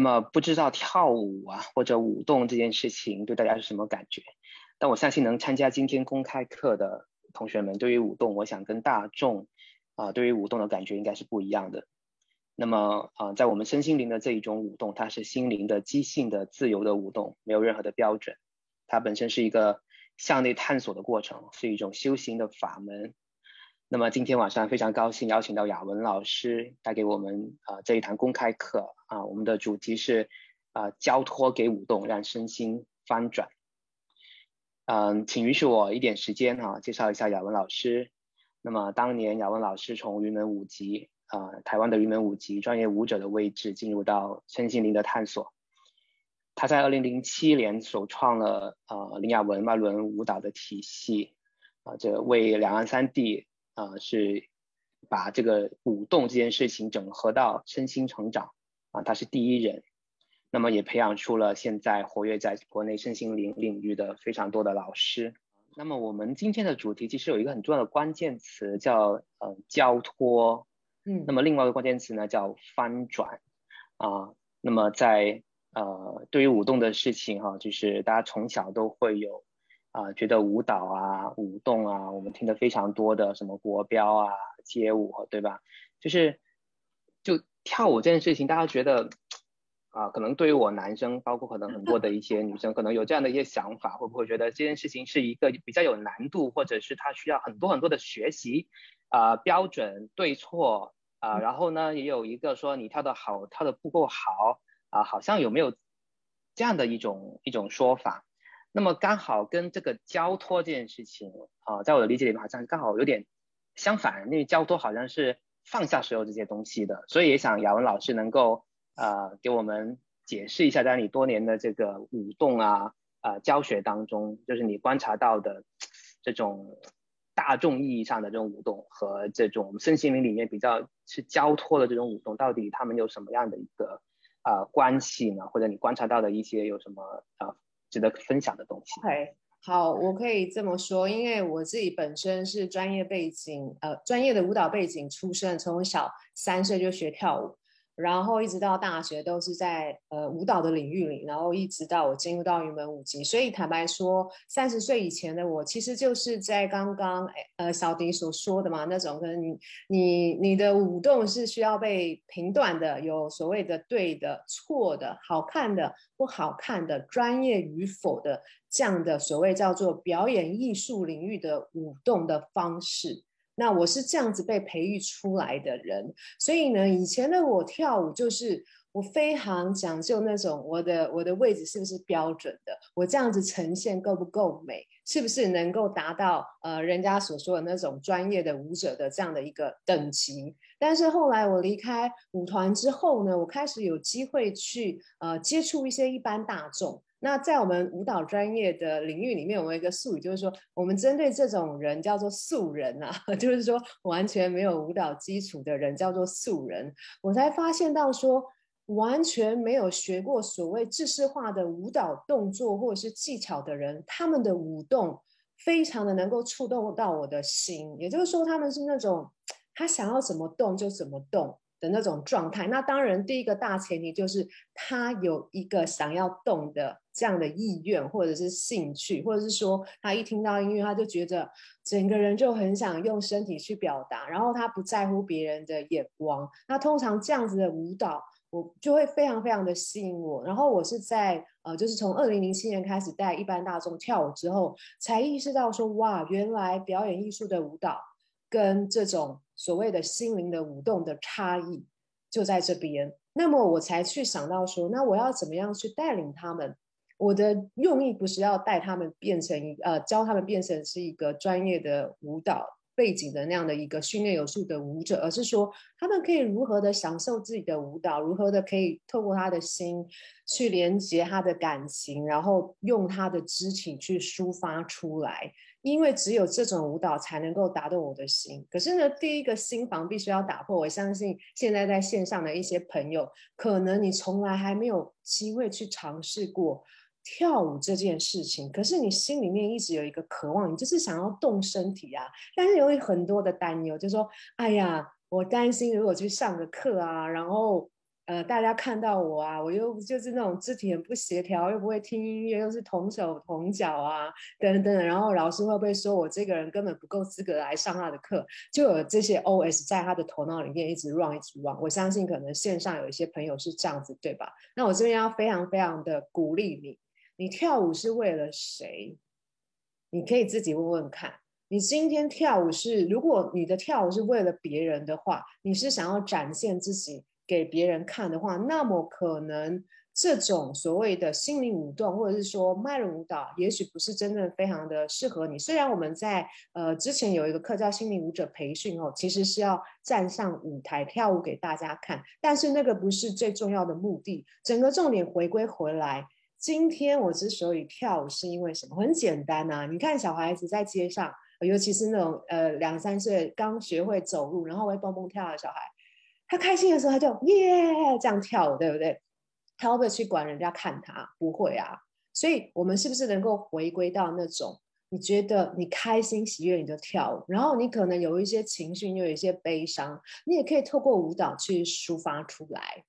那麼不知道跳舞啊或者舞動這件事情對大家是什麼感覺？但我相信能參加今天公開課的同學們，對於舞動，我想跟大眾啊、呃，對於舞動的感覺應該是不一樣的。那麼啊、呃，在我們身心靈的這一種舞動，它是心靈的即興的自由的舞動，沒有任何的標準，它本身是一個向內探索的過程，是一種修行的法門。那麼今天晚上非常高興邀請到雅雯老師帶給我們啊、呃、這一堂公開課啊，我們的主題是啊、呃、交托給舞動，讓身心翻轉。嗯，請允許我一點時間哈、啊，介紹一下雅雯老師。那麼當年雅雯老師從雲門舞集啊、呃、台灣的雲門舞集專業舞者的位置進入到身心靈的探索，他在2007年首創了啊、呃、林雅雯脈輪舞蹈的體系啊，這、呃、為兩岸三地。啊、呃，是把這個舞動這件事情整合到身心成長啊，他是第一人，那麼也培養出了現在活躍在國內身心靈領域的非常多的老師。那麼我們今天的主題其實有一個很重要的關鍵詞叫呃交托，嗯、那麼另外一個關鍵詞呢叫翻轉啊，那麼在呃對於舞動的事情哈、啊，就是大家從小都會有。啊，覺得舞蹈啊、舞動啊，我們聽得非常多的什麼國標啊、街舞，對吧？就是就跳舞這件事情，大家覺得啊、呃，可能對於我男生，包括可能很多的一些女生，可能有這樣的一些想法，會不會覺得這件事情是一個比較有難度，或者是它需要很多很多的學習啊、呃、標準對錯啊、呃，然後呢，也有一個說你跳得好，跳得不夠好啊、呃，好像有沒有這樣的一種一種說法？那麼剛好跟這個交托這件事情啊、呃，在我的理解裡面好像剛好有點相反，因為交托好像是放下所有這些東西的，所以也想雅雯老師能夠呃給我們解釋一下，在你多年的這個舞動啊、啊、呃、教學當中，就是你觀察到的這種大眾意義上的這種舞動和這種身心靈裡面比較是交托的這種舞動，到底他們有什麼樣的一個啊、呃、關係呢？或者你觀察到的一些有什麼啊？呃值得分享的東西。哎，okay, 好，我可以這麼說，因為我自己本身是專業背景，呃，專業的舞蹈背景出身，從小三歲就學跳舞。然後一直到大學都是在呃舞蹈的領域裡，然後一直到我進入到雲門舞集，所以坦白說，三十歲以前的我其實就是在剛剛呃小迪所說的嘛那種你，可能你你你的舞動是需要被評斷的，有所謂的對的、錯的、好看的、不好看的、專業與否的這樣的所謂叫做表演藝術領域的舞動的方式。那我是這樣子被培育出來的人，所以呢，以前的我跳舞就是我非常講究那種我的我的位置是不是標準的，我這樣子呈現夠不夠美，是不是能夠達到呃人家所說的那種專業的舞者的這樣的一個等級。但是後來我離開舞團之後呢，我開始有機會去呃接觸一些一般大眾。那在我們舞蹈專業的領域裡面，我們有一個術語就是說，我們針對這種人叫做素人啊，就是說完全沒有舞蹈基礎的人叫做素人。我才發現到說，完全沒有學過所謂制式化的舞蹈動作或者是技巧的人，他們的舞動非常的能夠觸動到我的心。也就是說，他們是那種他想要怎麼動就怎麼動的那種狀態，那當然第一個大前提就是他有一個想要動的這樣的意願，或者是興趣，或者是說他一聽到音樂他就覺得整個人就很想用身體去表達，然後他不在乎別人的眼光。那通常這樣子的舞蹈，我就會非常非常的吸引我。然後我是在呃，就是從二零零七年開始帶一般大眾跳舞之後，才意識到說哇，原來表演藝術的舞蹈。跟這種所謂的心靈的舞動的差異就在這邊，那麼我才去想到說，那我要怎麼樣去帶領他們？我的用意不是要帶他們變成呃，教他們變成是一個專業的舞蹈背景的那樣的一個訓練有素的舞者，而是說他們可以如何的享受自己的舞蹈，如何的可以透過他的心去連接他的感情，然後用他的肢體去抒發出來。因為只有這種舞蹈才能夠打動我的心。可是呢，第一個心防必須要打破。我相信現在在線上的一些朋友，可能你從來還沒有機會去嘗試過跳舞這件事情。可是你心裡面一直有一個渴望，你就是想要動身體啊。但是由於很多的擔憂，就說：“哎呀，我擔心如果去上個課啊，然後……”呃，大家看到我啊，我又就是那種肢體很不協調，又不會聽音樂，又是同手同腳啊，等等。然後老師會不會說我這個人根本不夠資格來上他的課？就有這些 OS 在他的頭腦裡面一直 run 一直 run。我相信可能線上有一些朋友是這樣子，對吧？那我這邊要非常非常的鼓勵你，你跳舞是為了誰？你可以自己問問看。你今天跳舞是，如果你的跳舞是為了別人的話，你是想要展現自己。給別人看的話，那麼可能這種所謂的心靈舞動，或者是說脈輪舞蹈，也許不是真的非常的適合你。雖然我們在呃之前有一個課叫心靈舞者培訓哦，其實是要站上舞台跳舞給大家看，但是那個不是最重要的目的。整個重點回歸回來，今天我之所以跳舞是因為什麼？很簡單啊，你看小孩子在街上，尤其是那種呃兩三歲剛學會走路，然後會蹦蹦跳的小孩。他開心的時候，他就耶這樣跳舞，對不對？他會不會去管人家看他？不會啊。所以，我們是不是能夠回歸到那種你覺得你開心喜悅，你就跳舞；然後你可能有一些情緒，又有一些悲傷，你也可以透過舞蹈去抒發出來。